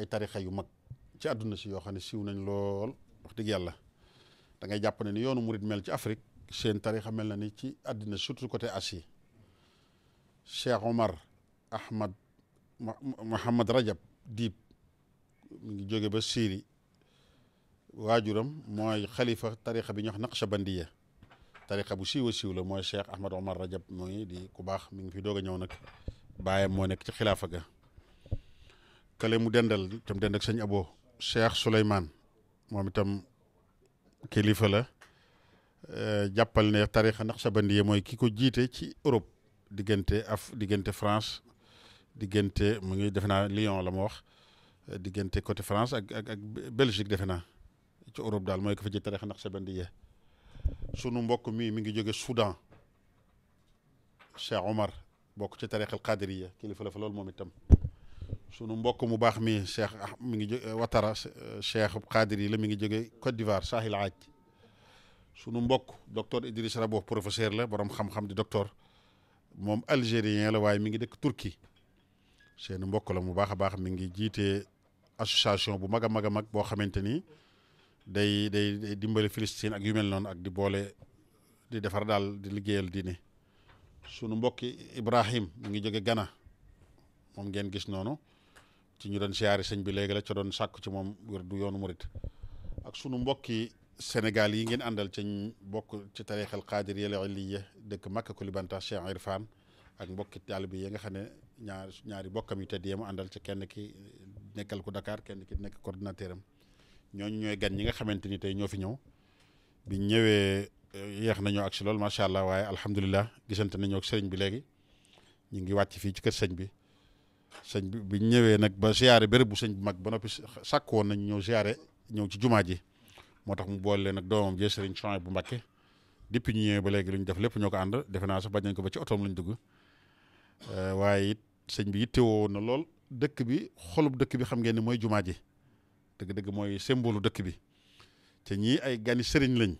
ay tarixa yu mag ci àdduna si yoo xam ne siiw nañ lool wax dëgg yàlla da ngay jàpp ne ni yoonu murit mel ci Afrique seen tarixa mel na ni ci àddina surtout côté asi Cheikh Omar Ahmad Mohammad Rajab Diib mu ngi jóge ba Syrie waajuram mooy xalifa tarixa bi ñuy wax Naqshbandiya tarixa bu siiw a siiw la mooy Cheikh Ahmad Omar Rajab mooy di ku baax mi ngi fi doog a ñëw nag baayam moo nekk ci xilaafa ga kale mu dendal tam dend ak sëñ Abo Cheikh Souleymane moom itam kilifa la eh, jàppal ne tarixa naqsabandiyya mooy ki ko jiite ci Europe diggante af diggante France diggante mu ngi defe naa Lyon la ma wax eh, diggante côté France ak ak ak Belgique defe naa ci Europe daal mooy ko fa ji tarixa naqsabandiyya sunu mbokk mi mi ngi jóge Soudan Cheikh Omar bokk ci tarixal qadiriyya kilifa la fa loolu moom itam sunu mbokk mu baax mi cheikh mi ngi jóge Watara euh, cheikh Xaadir yi la mi ngi jóge Côte d'Ivoire Sahil Aaj sunu mbokk docteur Idriss Rabo professeur la borom xam-xam di docteur moom algérien la waaye mi ngi dëkk Turquie seen mbokk la mu baax a baax mi ngi jiite association bu mag a mag a mag boo xamante ni day day day dimbale Palestine ak yu mel noonu ak di boole di defar daal di liggéeyal diine sunu mbokki Ibrahim mi ngi jóge Ghana moom ngeen gis noonu. ci ñu doon siyaare sëñ bi léegi la ca doon sàkku ci moom wér du yoonu murit ak sunu mbokki Sénégal yi ngeen àndal ca bokk ci tarixal xaadir yële liye dëkk Makka Kulibanta Cheikh Irfan ak mbokki taalibe yi nga xam ne ñaar ñaari bokkam yu tedd yee mu àndal ci kenn ki nekkal ko Dakar kenn ki nekk coordinateur am ñooñu ñooy gan ñi nga xamante ni tey ñoo fi ñëw bi ñëwee eh, yeex nañoo ak si lool macha allah waaye alhamdulilah gisante nañoo ak sëriñ bi léegi ñu ngi wàcc fii ci kër sëñ bi. sëñ bi biñ ñëwee nag ba siyaare bërëb bu sëñ bu mag ba noppi sàkkoon nañ ñëw siyaare ñëw ci jumaa ji moo tax mu boole leen nag doomam jee sëriñ Chouaïb bu Mbakke depuis ñu ñëwee ba léegi lu ñu def lépp ñoo ko ànd defe naa sax bañ nañ ko ba ci otoom lañ dugg euh, waaye it sëñ bi yittewoo na lool dëkk bi xolub dëkk bi xam ngeen ne mooy jumaa ji dëgg-dëgg mooy semboolu dëkk bi te ñii ay gani sëriñ lañ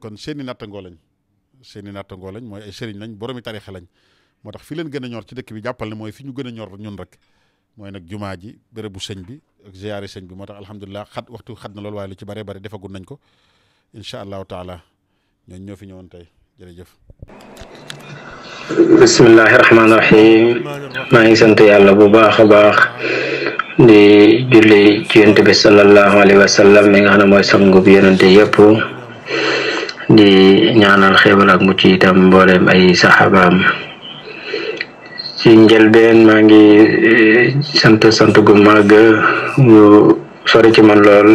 kon seeni nattangoo lañ seeni nattangoo lañ mooy ay sëriñ lañ boromi tarixa lañ moo tax fi leen gën a ñor ci dëkk bi jàppal mooy fi gën a ñor ñun rek mooy nag jumaa ji bérébu sëñ bi ak ziyaare sëñ bi moo tax alhamdulilah xat waxtu xat na lool waaye lu ci bare bare defagul nañ ko incha allahu taala ñooñ ñoo fi ñëwoon tey jërëjëf bismillahi rahmaani rahim maa ngi sant yàlla bu baax a baax di julli ci yonent bi sallallahu alayhi wa sallam nga xam ne mooy sangu bi yonente yëpp di ñaanal xéewal ak mucc itam mbooleem ay saxaabaam ci njëlbeen maa ngi eh, sant sant gu màgg yu sori ci man lool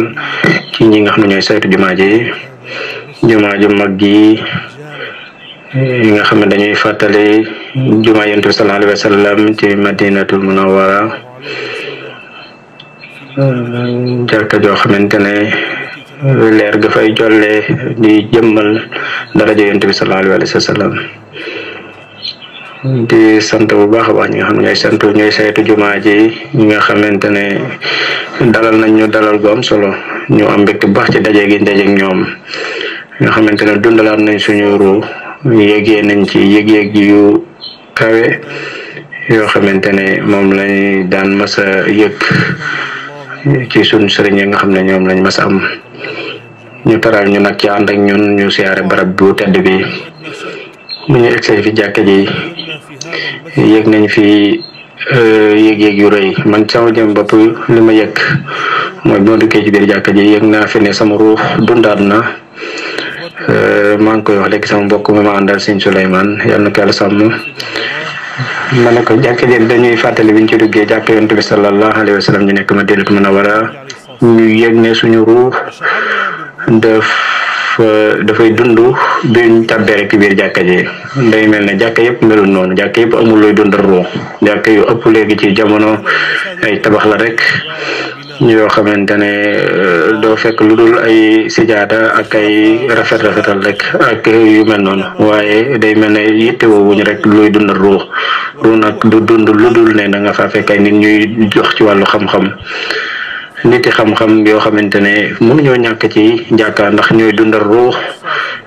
ci ñi nga xam ne ñooy saytu jumaa ji jumaa ju mag gi eh, nga xam ne dañuy fàttali jumaa yonent bi sallallahu alayhi wa sallam madinatu madinatul munawwara eh, jàkka joo xamante ne leer ga fay jolle di jëmmal daraja yonent bi sallallahu alayhi wa sallam di sant bu baax a baax ñi nga xam ne ñooy sant ñooy saytu jumaa ji ñi nga xamante ne dalal nañ ñu dalal bu am solo ñu am mbégte bu baax ci daje gi daje ñoom nga xamante ne dundalaat nañ suñu ruu yëgee nañ ci yëg-yëg yu kawe yoo xamante ne moom lañ daan masa a yëg ci suñ sëriñ yi nga xam ne ñoom lañ mas a am ñu taral ñu ak ci ànd ak ñun ñu siyaare barab bu tedd bi bu ñu egsee fi jàkka yëg nañ fi euh, yëg-yëg yu rëy man sama jëm bopp li ma yëg mooy bi ma duggee ci biir jàkka ji yëg naa fi sama ruux dundaat na euh, maa ngi koy wax léegi sama mbokk mi ma àndal sëñ Souleymane yal na ko yàlla sàmm ma jàkka ji dañuy fàttali biñ ci duggee jàkka yonent bi sallallahu alayhi wa ñu nekk Madinatul Munawwara ñu yëg ne suñu ruux def dafa euh, dafay dundu bi ñu rek biir jàkka ji day mel ne jàkka yëpp melul noonu jàkka yëpp amul looy dundal ruux jàkka yu ëpp léegi ci jamono ay tabax la rek yoo xamante ne euh, doo fekk lu dul ay sijaada ak ay rafet rafetal rek ak yu mel noonu waaye day mel ne yitte woowuñu rek luy dundal ruux ruux nag du dund lu dul ne da nga faa fekk ay nit ñuy jox ci wàllu xam-xam niti xam yoo xamante ne mënuñoo ñàkk ci jàkka ndax ñooy dundal ruux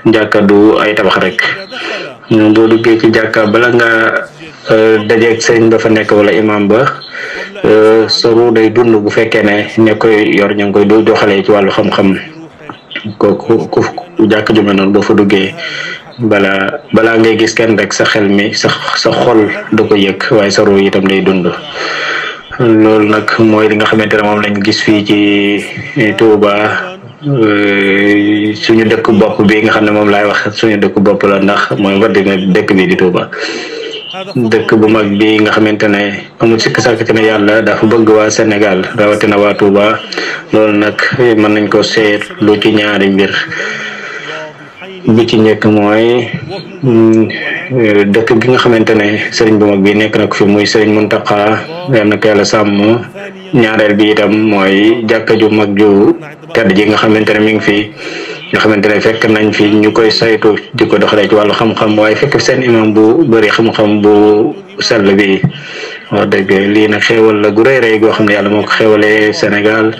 jàkka du ay tabax rek ñoom boo duggee ci jàkka bala nga euh, dajeeg sëriñ ba fa nekk wala imam ba euh, sa ruux day dund bu fekkee ne ne koy yor ñu ngi koy doxalee ci wàllu xam-xam kooku ku jàkk ju mel noonu boo fa duggee bala balaa ngay gis kenn rek sa xel mi sa sa xol da ko yëg waaye soru ruux itam day dund loolu nag mooy li nga xamante ne moom lañ gis fii ci Touba euh, suñu dëkk bopp bi nga xam ne moom laay wax suñu dëkk bopp la ndax mooy Madina dëkk bi di Touba dëkk bu mag bi nga xamante ne amul sikk sàkk ne yàlla dafa bëgg waa Sénégal rawatina waa Touba loolu nag mën nañ ko seetlu ci ñaari mbir. bi ci njëkk mooy mm, euh, dëkk bi nga xamante ne sëriñ bu mag bi nekk na ko fi muy sëriñ Muntaxa yal na ko sàmm ñaareel bi mooy jàkka ju mag ju tedd ji nga xamante ne mi ngi fi nga xamante ne fekk nañ fi ñu koy saytu di ko doxalee ci wàllu xam-xam waaye fekk seen imam bu bari xam-xam bu sell bi wax dëgg lii nag xewal la gu rëy rëy goo xam ne yàlla moo ko xéewalee Sénégal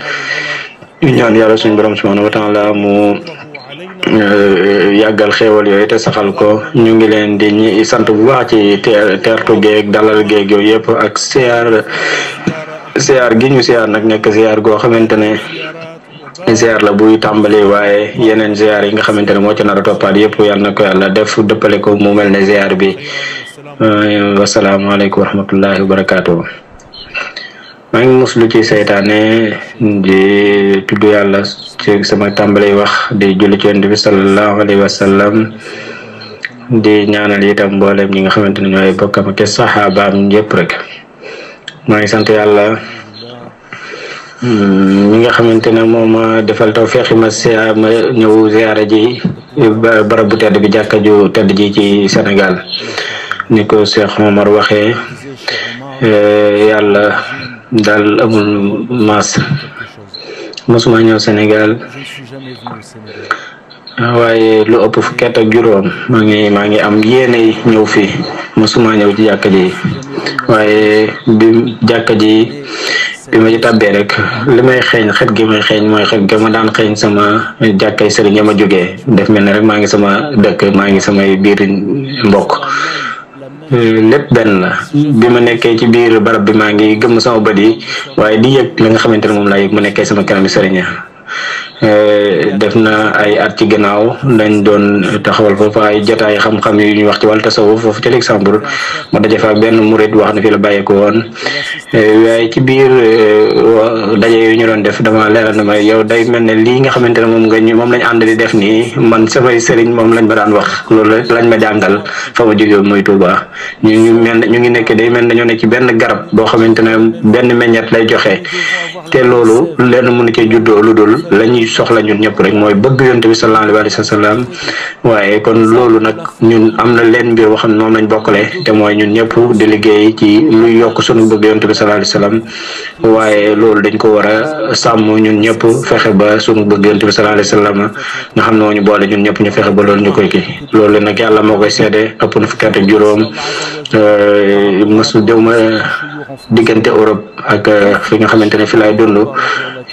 ñu ñaan yàlla suñu borom subhanahu wa taala mu yàggal xéewal yooyu te saxal ko ñu ngi leen di sant bu baax ci teer teertu geeg dalal geeg yooyu yëpp ak siyaar siyaar gi ñu siyaar nag nekk siyaar goo xamante ne ziar la buy tàmbali waaye yeneen ziar yi nga xamante ne moo ci nar a toppaat yëpp yal na ko yàlla def dëppale ko mu mel ne ziar bi wasalaamaaleykum wa rahmatullahi wa barakaatu. maa ngi muslu ci seytaane di tudd yàlla ci sama tàmbali wax di julli ci yonent bi sallallahu alayhi wa sallam di ñaanal itam mbooleem ñi nga xamante ne ñooy bokkam ak saxaabaam yëpp rek maa ngi sant yàlla mm, mi nga xamante ne moom ma defal taw feexi ma si ma ñëw ziara ji barab bu tedd bi jàkka ju tedd ji ci Sénégal ni ko Cheikh Omar waxee eh, yàlla daal amul maas mosuma ñëw Sénégal waaye lu ëpp fukki at juróom maa ngi maa ngi am yéene ñëw fii mosuma ñëw ci jàkka ji waaye bi jàkka ji bi ma ci tàbbee rek li may xeeñ xet gi xeeñ mooy xet ga ma daan xeeñ sama jàkkay sëriñ ya ma jóge def mel ne rek maa ngi sama dëkk maa ngi samay biir mbokk Hmm, lépp benn la bi ma nekkee ci biir barab bi maa ngi gëm sama bët yi waaye di yëg li nga xamante ne moom laa mu nekkee sama kanam sëriñ Eh, def na ay at ci gannaaw dañ doon taxawal foofu ay jotaay xam-xam yu ñuy wax ci wàllu tasawuf foofu ci Luxembourg ma daje fa ak benn murid wax na fi la bàyyeekoo woon eh, waaye ci biir eh, daje yu ñu doon def dama leeral na ma yow day mel ne lii nga xamante ne moom nga ñu moom lañ ànd di def nii man samay sëriñ moom lañ ma daan wax loolu lañ ma jàngal fa ma jógee muy Touba ñu ngi ñu ngi nekk day mel na ñoo ne ci benn garab boo xamante ne benn meññet lay joxe te loolu lenn mënu cee juddoo soxla ñun ñëpp rek mooy bëgg yonte bi sallallahu alayhi wa sallam waaye kon loolu nag ñun am na leen mbir boo xam ne moom lañ bokkale te mooy ñun ñëpp di liggéey ci luy yokk sunu bëgg yonte bi sallallahu alayhi wa sallam waaye loolu dañ ko war a sàmm ñun ñëpp fexe ba sunu bëgg bi sallallahu alayhi wa sallam nga xam ne moo ñu boole ñun ñëpp ñu fexe ba loolu ñu koy kii loolu nag yàlla moo koy seede ëpp na fukki at ak juróom mosu dew diggante Europe ak euh, fi nga xamante ne fi laay dund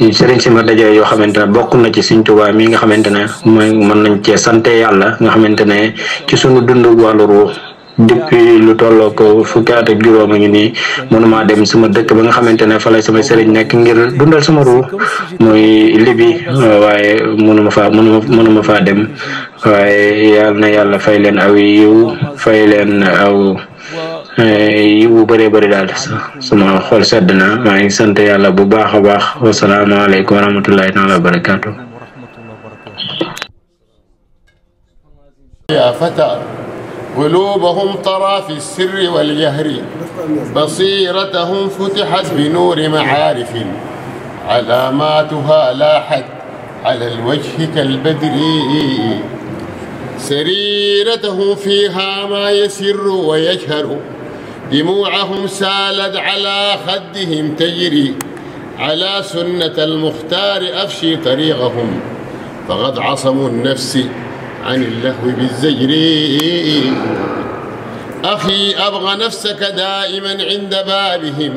sëriñ si ma yoo xamante ne bokk na ci Sëriñ Tuubaa mi nga xamante ne mooy mën nañ cee sante yàlla nga xamante ne ci sunu dund wàllu ruux lu tolloo ko fukki at ak juróom a ngi nii mënuma dem sama dëkk ba nga xamante ne fa lay sama sëriñ nekk ngir dundal sama ruux muy libi euh, waaye mënuma faa mënuma mënuma faa dem waaye yal na yàlla fay leen aw yiw fay leen aw Eh, yiw bu bëree bëri daal suma xol sedd na maa ngi sant yàlla bu baax a baax wasalaamaaleykum wa rahmatullahi taala wa barakaatu يا فتى قلوبهم طرى في السر والجهر بصيرتهم فتحت بنور معارف علاماتها لاحت على الوجه كالبدر سريرته فيها ما يسر ويجهر دموعهم سالت على خدهم تجري على سنة المختار أفشي طريقهم فقد عصموا النفس عن اللهو بالزجر أخي أبغى نفسك دائما عند بابهم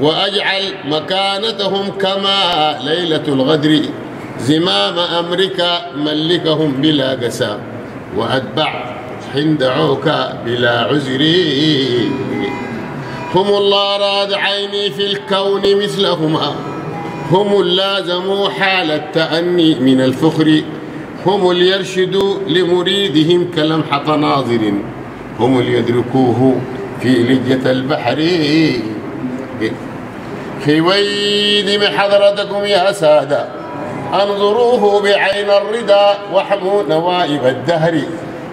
وأجعل مكانتهم كما ليلة الغدر زمام أمرك ملكهم بلا قسى وأتبع حين دعوك بلا عذري هم الله راد عيني في الكون مثلهما هم اللازموا حال التأني من الفخر هم ليرشدوا لمريدهم كلمحة ناظر هم ليدركوه في لجة البحر خويدم حضرتكم يا سادة انظروه بعين الردى واحموا نوائب الدهر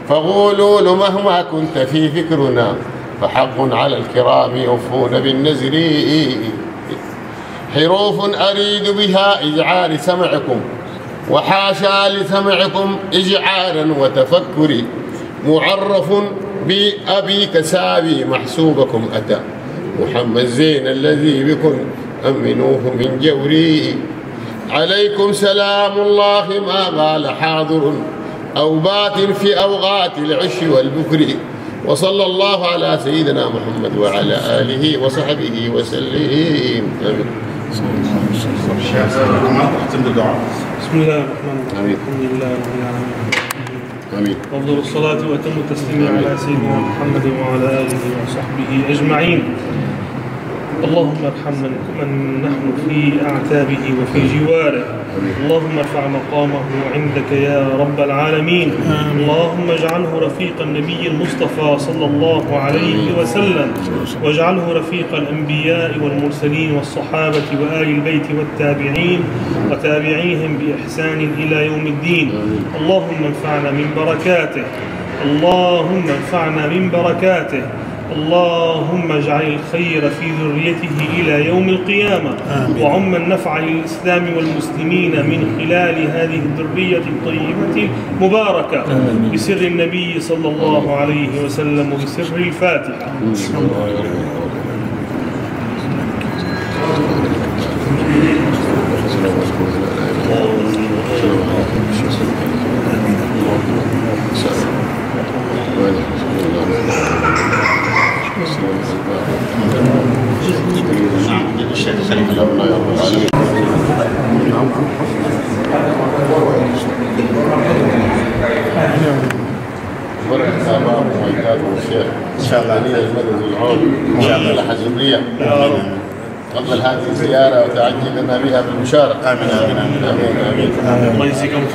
فغولون مهما كنت في فكرنا فحق على الكرام يوفون بالنزر حروف أريد بها إجعال سمعكم وحاشا لسمعكم إجعالا وتفكر معرف بأبي كسابي محسوبكم أتى محمد زين الذي بكم أمنوه من جوري عليكم سلام الله ما بال حاضر أو باتر في أوقات العش والبكر وصلى الله على سيدنا محمد وعلى آله وصحبه وسلم آمين بسم الله الرحمن الرحيم الحمد لله رب العالمين آمين أفضل الصلاة وأتم التسليم على سيدنا محمد وعلى آله وصحبه أجمعين اللهم ارحم من نحن في أعتابه وفي جواره اللهم ارفع مقامه عندك يا رب العالمين اللهم اجعله رفيق النبي المصطفى صلى الله عليه وسلم واجعله رفيق الأنبياء والمرسلين والصحابة وآل البيت والتابعين وتابعيهم بإحسان إلى يوم الدين اللهم انفعنا من بركاته اللهم انفعنا من بركاته اللهم اجعل الخير في ذريته إلى يوم القيامة آمين. وعم النفع للإسلام والمسلمين من خلال هذه الذرية الطيبة المباركة آمين. بسر النبي صلى الله عليه وسلم وبسر الفاتحة تقبل هذه الزيارة وتعجل لنا بها بالبشارة آمين آمين آمين آمين, آمين. آمين. الله يجزيكم خير